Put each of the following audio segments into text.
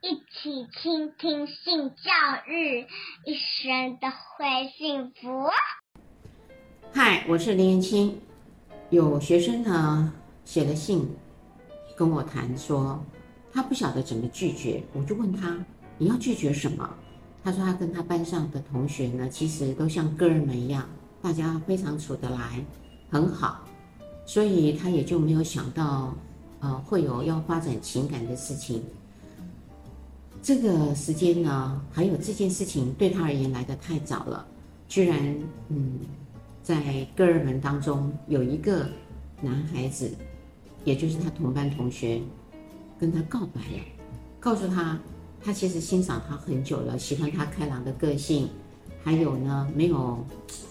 一起傾聽性教育，一生都會幸福。嗨，我是林元青。有學生呢寫了信，跟我談說，他不曉得怎麼拒絕。我就問他：“你要拒絕什麼？”他說：“他跟他班上的同學呢，其實都像哥兒們一樣，大家非常處得來，很好，所以他也就沒有想到，呃，會有要發展情感的事情。”這個時間呢，還有這件事情對他而言來得太早了，居然，嗯，在哥兒們當中有一個男孩子，也就是他同班同學，跟他告白了，告訴他，他其實欣賞他很久了，喜歡他開朗的個性，還有呢，沒有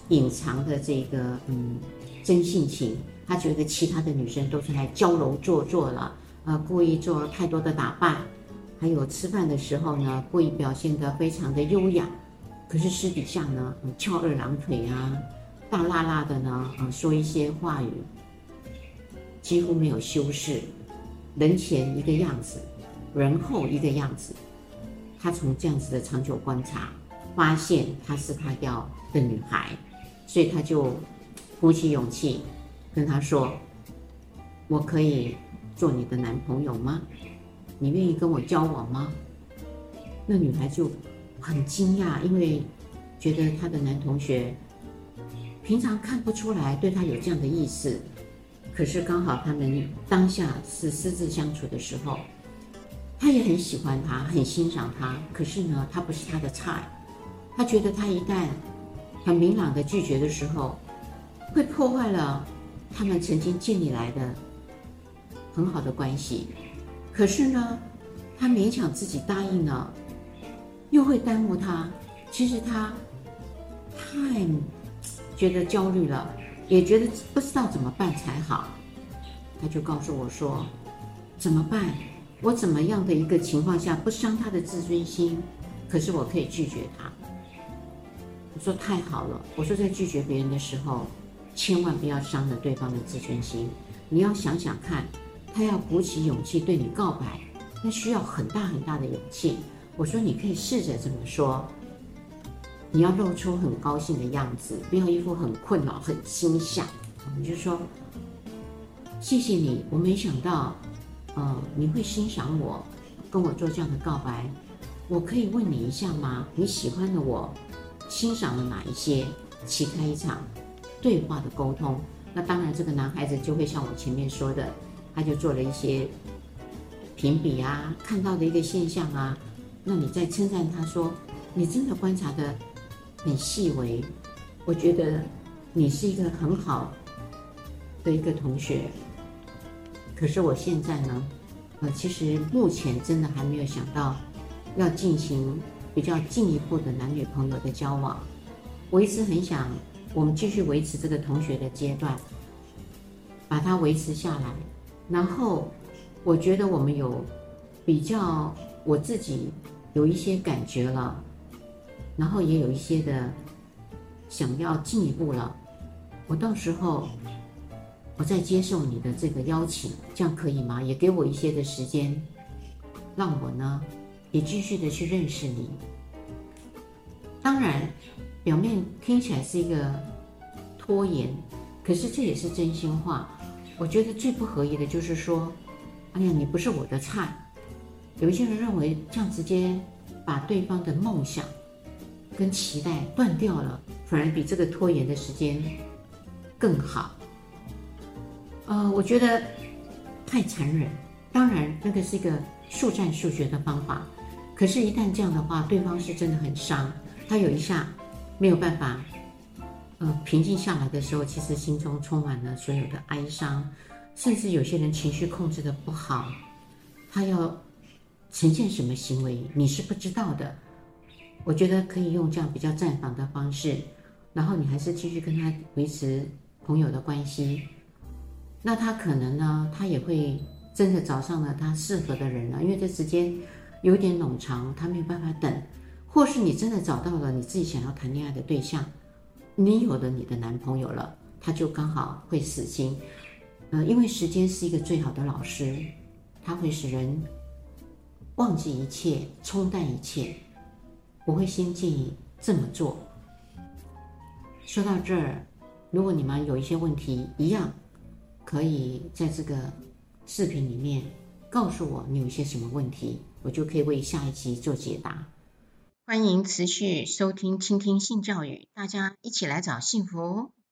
隱藏的這個嗯真性情，他覺得其他的女生都是來嬌柔做作了，啊、呃，故意做太多的打扮。還有吃飯的時候呢，故意表現得非常的優雅，可是私底下呢，翹、呃、二郎腿啊，大剌剌的呢，啊、呃，說一些話語，幾乎沒有修飾，人前一個樣子，人後一個樣子。他從這樣子的長久觀察，發現他是他要的女孩，所以他就鼓起勇氣跟他說：“我可以做你的男朋友嗎？”你願意跟我交往嗎？那女孩就很驚訝，因為覺得她的男同學平常看不出來對她有這樣的意思，可是剛好他們當下是私自相處的時候，她也很喜歡他，很欣賞他，可是呢，他不是她的菜。她覺得她一旦很明朗的拒絕的時候，會破壞了他們曾經建立來的很好的關係。可是呢，他勉強自己答應了，又會耽誤他。其實他太覺得焦慮了，也覺得不知道怎麼辦才好。他就告訴我說：“怎麼辦？我怎麼樣的一個情況下不傷他的自尊心？可是我可以拒絕他。”我說：“太好了。”我說在拒絕別人的時候，千萬不要傷了對方的自尊心。你要想想看。他要鼓起勇氣對你告白，那需要很大很大的勇氣。我說你可以試着這麼說，你要露出很高興的樣子，不要一副很困擾、很心想。你就說：“謝謝你，我沒想到，嗯、呃，你會欣賞我，跟我做這樣的告白。我可以問你一下嗎？你喜歡的我，欣賞了哪一些？啟開一場對話的溝通。那當然，這個男孩子就會像我前面說的。”他就做了一些評比啊，看到的一個現象啊，那你在稱讚他說：“你真的觀察的很細微。”我覺得你是一個很好的一個同學。可是我現在呢，呃，其實目前真的還沒有想到要進行比較進一步的男女朋友的交往。我一直很想我們繼續維持這個同學的階段，把它維持下來。然後，我覺得我們有比較，我自己有一些感覺了，然後也有一些的想要進一步了。我到時候我再接受你的這個邀請，這樣可以嗎？也給我一些的時間，讓我呢也繼續的去認識你。當然，表面聽起來是一個拖延，可是這也是真心話。我覺得最不合意的就是說，哎呀，你不是我的菜。有一些人認為這樣直接把對方的夢想跟期待斷掉了，反而比這個拖延的時間更好。呃，我覺得太殘忍。當然，那個是一個速戰速決的方法。可是，一旦這樣的話，對方是真的很傷，他有一下沒有辦法，呃，平靜下來的時候，其實心中充滿了所有的哀傷，甚至有些人情緒控制得不好，他要呈現什麼行為，你是不知道的。我覺得可以用這樣比較暫放的方式，然後你還是繼續跟他維持朋友的關係。那他可能呢，他也會真的找上了他適合的人了，因為這時間有點冗長，他沒有辦法等，或是你真的找到了你自己想要談戀愛的對象。你有了你的男朋友了，他就剛好會死心。呃，因為時間是一個最好的老師，他會使人忘記一切，沖淡一切。我會先建議這麼做。說到這兒，如果你們有一些問題，一樣可以在這個視頻裡面告訴我你有一些什麼問題，我就可以為下一集做解答。歡迎持續收聽《傾聽性教育》，大家一起來找幸福哦。